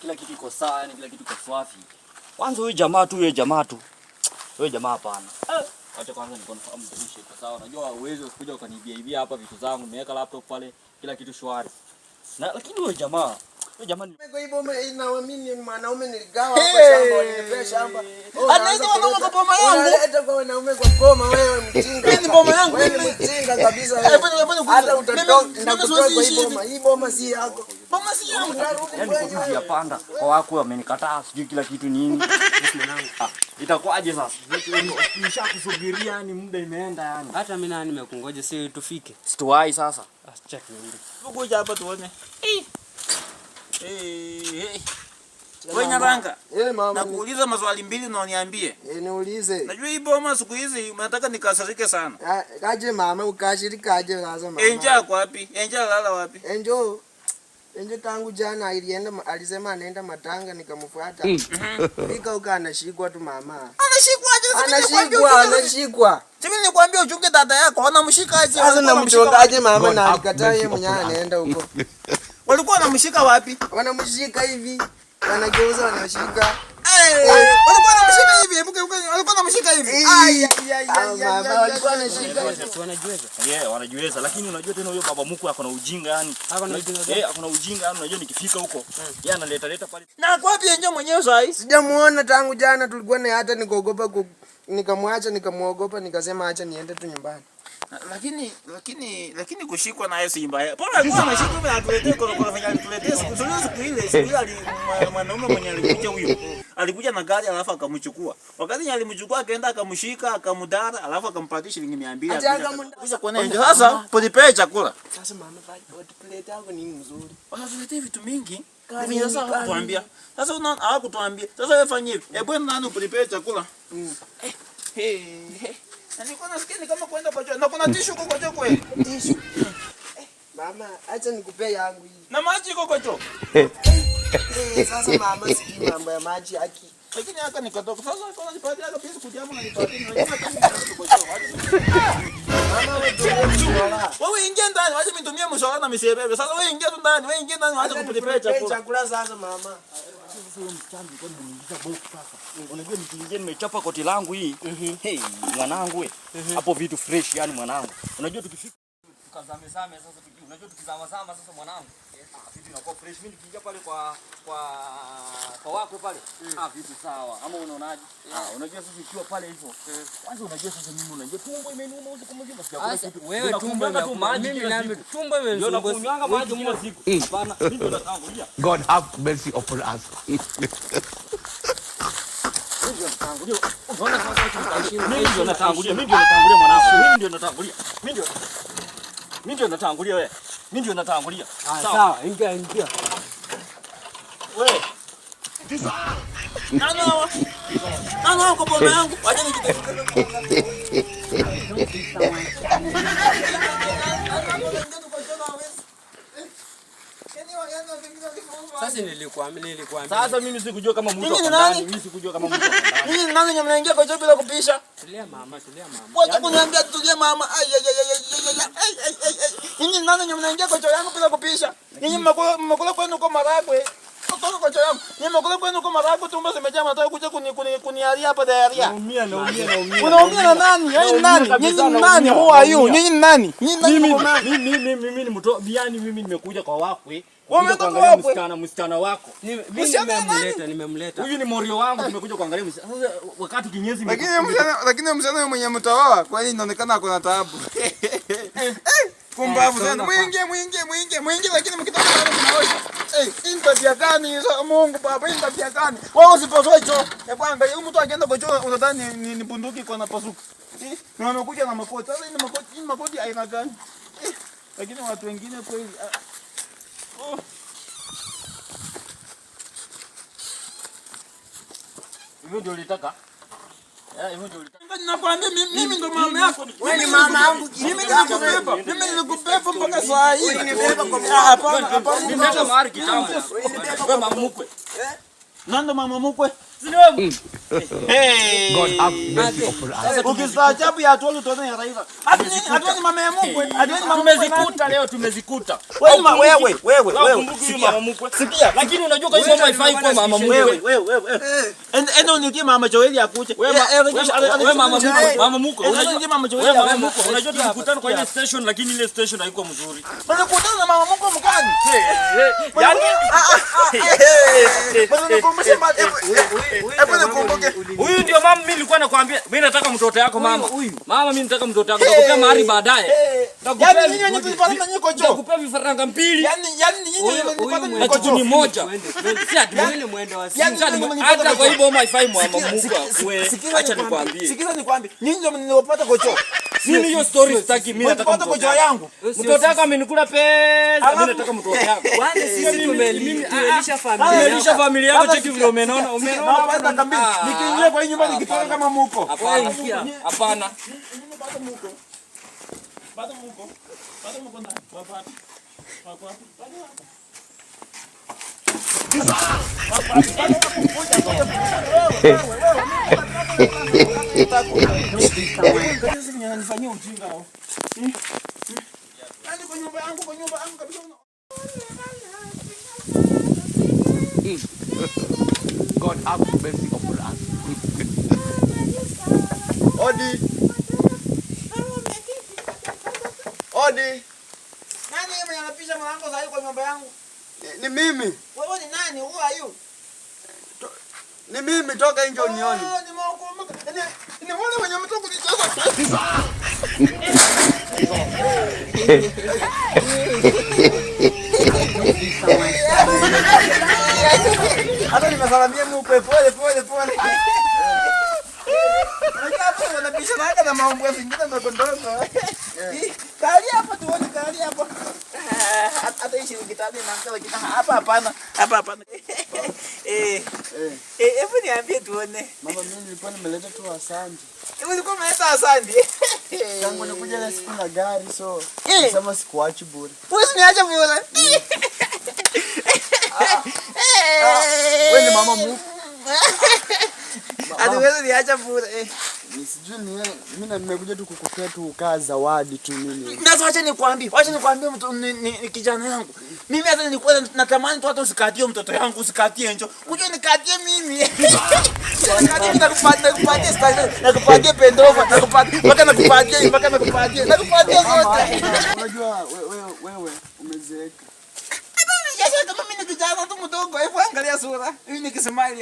Kila kitu kila Kwanza huyu jamaa tu, huyu jamaa tu, huyu jamaa hapana. Acha kwanza kwa sawa. uwezo kuja ukaniibia hivi hapa vitu zangu, nimeweka laptop pale, kila kitu shwari. Na lakini huyu jamaa Eh, jamani, hii boma. yangu. yapanda? Yaani kwa wako wamenikataa, sijui kila kitu nini. Ah, itakuwaje sasa? Nishakusubiria ni yaani muda imeenda yani. Hata mimi na nimekungoja si tufike. Situwai sasa. Acha ah, hapa tuone. Eh. Hey, hey. We Nyabanga, nakuuliza maswali mbili na unaniambie. Eh, niulize. Najua hii boma siku hizi unataka nikasirike sana. Ah, kaje mama, ukashirika aje lazima mama. Enja eh, kwa wapi? Enja eh, lala wapi? Enjo. Eh, Enjo tangu jana alienda alisema anaenda matanga nikamfuata. Fika mm. uka anashikwa tu mama. Anashikwa aje? Anashikwa, anashikwa. Simi nikwambia uchunge dada yako, anamshika aje? Sasa aje mama na akataye mwenyewe anaenda huko. Walikuwa wanamshika wapi? Wanamshika hivi. Wanageuza wanamshika. walikuwa wanamshika hivi. Hebu walikuwa wanamshika hivi. Ai mama walikuwa wanashika. Wanajiweza. Yeah, wanajiweza. Lakini unajua tena huyo baba mkwe ako na ujinga yani. Eh, ako na ujinga yani unajua nikifika huko. Yeye analeta leta pale. Na kwa wapi yenyewe mwenyewe sasa? Sijamuona tangu jana tulikuwa naye hata nikaogopa nikamwacha nikamuogopa, nikasema acha niende tu nyumbani. Lakini lakini lakini kushikwa na Yesu imba. Bora eh, alikuwa ameshikwa bila atuletee kwa kwa fanya atuletee siku zile siku ile siku ile mwanaume mwenye alikuja huyo. Alikuja na gari alafu akamchukua. Wakati alimchukua akaenda akamshika akamdara alafu akampatia shilingi 200. Kisha kuona ndio sasa polipea chakula. Sasa mama polipea yako ni mzuri. Wanatuletea vitu mingi. Mimi sasa hakutuambia. Sasa una hakutuambia. Sasa wewe fanya hivi. Hebu nani polipea chakula? Mm. Eh. Hey. Eh, eh. Na nilikuwa nasikia ni kama kwenda kwa choo. Na kuna tishu huko kwa choo kweli. Tishu. Mama, acha nikupe yangu hii. Na maji huko kwa choo. Eh. Eh, sasa mama, siki mambo ya maji haki. Lakini haka nikatoka. Sasa kuna nipati haka pesa kujamu na nipati. Mama, wewe ingia ndani, wacha nitumie mshahara na misebebe. Sasa wewe ingia tu ndani, wewe ingia ndani, wacha kukulipa chakula. Chakula sasa mama. Sasa wewe Unajua nikiingia nimechapa koti langu hii. Mhm. Hey, mwanangu we. Mhm. Hapo vitu fresh yani mwanangu. Unajua tukifika tukazame zame sasa, tukizama zama sasa mwanangu. Ah, vipi unakuwa fresh mimi nikiingia pale kwa kwa kwa wako pale. Mm. Ah, vipi sawa. Ama unaonaje? Eh. Ah, unajua sasa ukiwa pale hivyo. Eh. Kwanza unajua sasa mimi unajua tumbo imeniuma usiku mzima sija ah, kuna kitu. Wewe tumbo inakuuma mimi na tumbo imenizunguka. Ndio nakunywanga maji kila siku. Hapana, mimi ndo natangulia. God have mercy upon us. Mimi ndio natangulia, mimi ndio natangulia mwanangu. Mimi ndio natangulia. Mimi ndio natangulia wewe mimi ndio natangulia. Sawa, ingia ingia. Wewe. Nana kwa bomba yangu, wacha Sasa nilikwambia nilikwambia. Sasa mimi sikujua kama mtu. Mimi ni nani? Mimi sikujua kama mtu. Mimi ni nani nyamnaingia kwa job bila kupisha? Tulia mama, tulia mama. Wacha kuniambia tulia mama. Ai ai ai ai ai ai ai ai ai. Ninyi nani nyinyi mnaingia kwa choo yangu bila kupisha? Ninyi mmekula kwenu kwa maragwe. Kutoka choo yangu. Ninyi mmekula kwenu kwa maragwe tumbo zimejaa mataka kuja kuni kuni kuniaria hapa dayaria. Naumia naumia naumia. Unaumia na nani? Yeye yaani nani? Ninyi ni nani? Who are you? Ninyi ni nani? Ninyi nani? Mimi mimi mimi ni mtoto biani mimi nimekuja kwa wakwe. Wametoka msichana msichana wako. Mimi Nimemleta nimemleta. Huyu ni morio wangu nimekuja kuangalia msichana. Sasa wakati kinyezi. Lakini msichana lakini msichana mwenye mtaoa kwa nini inaonekana ako taabu? Eh. Pumbavu sana. Mwingi mwingi mwingi mwingi lakini mkitoka hapo tunaosha. Eh, imba vya gani hizo Mungu baba imba vya gani? Wao usipozoe cho. Ya eh, kwamba huyu mtu akienda kwa choo unadhani ni, ni bunduki kwa napasuka. Eh, na amekuja na makoti. Sasa ni makoti ni makoti aina gani? Eh, lakini watu wengine kweli ah, oh. Hivyo ndio ulitaka? Eh, hivyo ndio ulitaka. Nakwambia mimi ndo mama yako. Wewe ni mama yangu. Mimi nilikubeba. Mimi nilikubeba mpaka saa hii. Hapana, hapana. Mimi ndo mahari kitambo. Wewe mama mkwe. Eh? Nando mama mkwe. Ukistaajabu Sikia. Lakini unajua kwa hiyo mama haifai kwa mama mkwe. Eh. Eno nitie mama Joeli akuje. Wewe mama eh, mama mko. Unajua mama Joeli wewe mama mko. Unajua tunakutana kwa ile station lakini ile station haiko mzuri. Unakutana na mama mko mkani? Yaani Huyu ndio mama mimi nilikuwa nakwambia. Mimi nataka mtoto wako mama. Huyu. Mama mimi nataka mtoto wako. Nakupea mahari baadaye. Yaani nyinyi mlipata na nyiko jo. Nakupea vifaranga mbili. Yaani yaani nyinyi mlipata na nyiko jo. Ni moja. Si ati mimi muende wa sisi. Yaani hata kwa hivyo mama ifai mwa mamuka. Acha nikwambie. Sikiza nikwambie. Nyinyi ndio mlipata kocho. Mimi hiyo story sitaki, mimi nataka mtoto kwa yangu. Mtoto wako amenikula pesa, mimi nataka mtoto wangu. Wale sisi tumelisha ah, ah, familia. Tumelisha familia yako, cheki vile umeona, umeona hapa kambini. Ah. Nikiingia kwa hii nyumba nikitoka kama mko. Hapana. Hapana. Bado mko. Bado mko. Bado mko ndani. Bado. Bado. Bado. God have mercy upon us. Odi. Odi. Nani mwenye anapisha mlango sasa kwa nyumba yangu? Ni mimi. Wewe ni nani? Who are you? Ni mimi toka nje unioni. Oh, ni wale wenye mtoko kucheza pesa. Hata nimesalamia mpe pole pole pole. Nikapo na bisha na maombi zingine ndogo ndogo. Kali hapo tuone kali hapo hata hizi kitabu na kitabu hapa hapana, hapa hapana. Eh, eh, eh, eh, hebu niambie tuone. Mama, mimi nilikuwa nimeleta tu asandi. Hebu eh, nilikuwa nimeleta asandi. Tangu nikuja na siku na gari so sema sikuachi bure. Pues niache bure. Ah. Ah. Wewe ni mama mkuu. Hatuwezi niacha bure. Eh, sijui ni mimi na nimekuja tu kukupea tu kaa zawadi tu mimi. Sasa wacha nikwambie, wacha nikwambie mtu ni kijana yangu. Mimi hata nilikuwa natamani tu hata usikatie mtoto yangu, usikatie njo. Unajua nikatie mimi. Nikatie nitakupatia kupatia station, pendova, nakupatia mpaka nakupatia mpaka nakupatia. Nakupatia zote. Unajua wewe wewe sura ili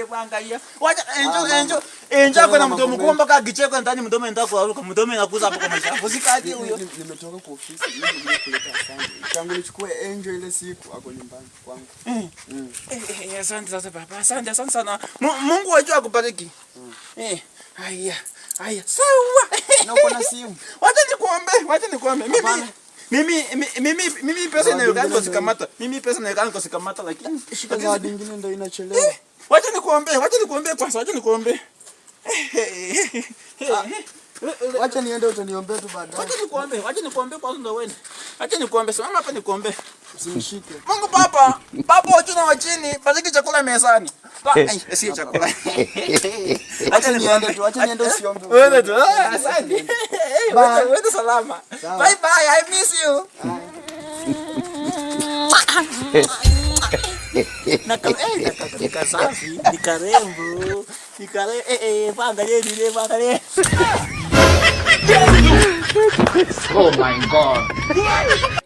kuangalia. Wacha ah, enjo enjo enjo kwa mdomo kwa mpaka akicheka ndani mdomo ndio kuaruka mdomo inakuza hapo kama chafu. Sikaje huyo. Nimetoka kwa ofisi mimi nimekuleta asante. Tangu nichukue enjo ile siku ako nyumbani kwangu. Eh. Mm. Eh, eh, eh, asante sasa baba. Asante asante sana. Mungu wajua akubariki. Mm. Eh. Haya. Haya. Sawa. Na uko na simu. Wacha nikuombe, wacha nikuombe. Mimi mimi pesa Mimi pesa lakini eh, eh, Wacha nikuombe, wacha nikuombe kwanza, wacha nikuombe. Eh, wacha niende tu baadaye. Wacha nikuombe, wacha nikuombe kwanza wewe. Wacha nikuombe, simama hapa nikuombe. Usinishike. Mungu Baba, Baba chakula mezani. Ah, chakula. niende tu, niende usiombe. Wewe tu. Ah, asante. bye. Wait, wait, salama. Bye bye. I miss you. Oh my god.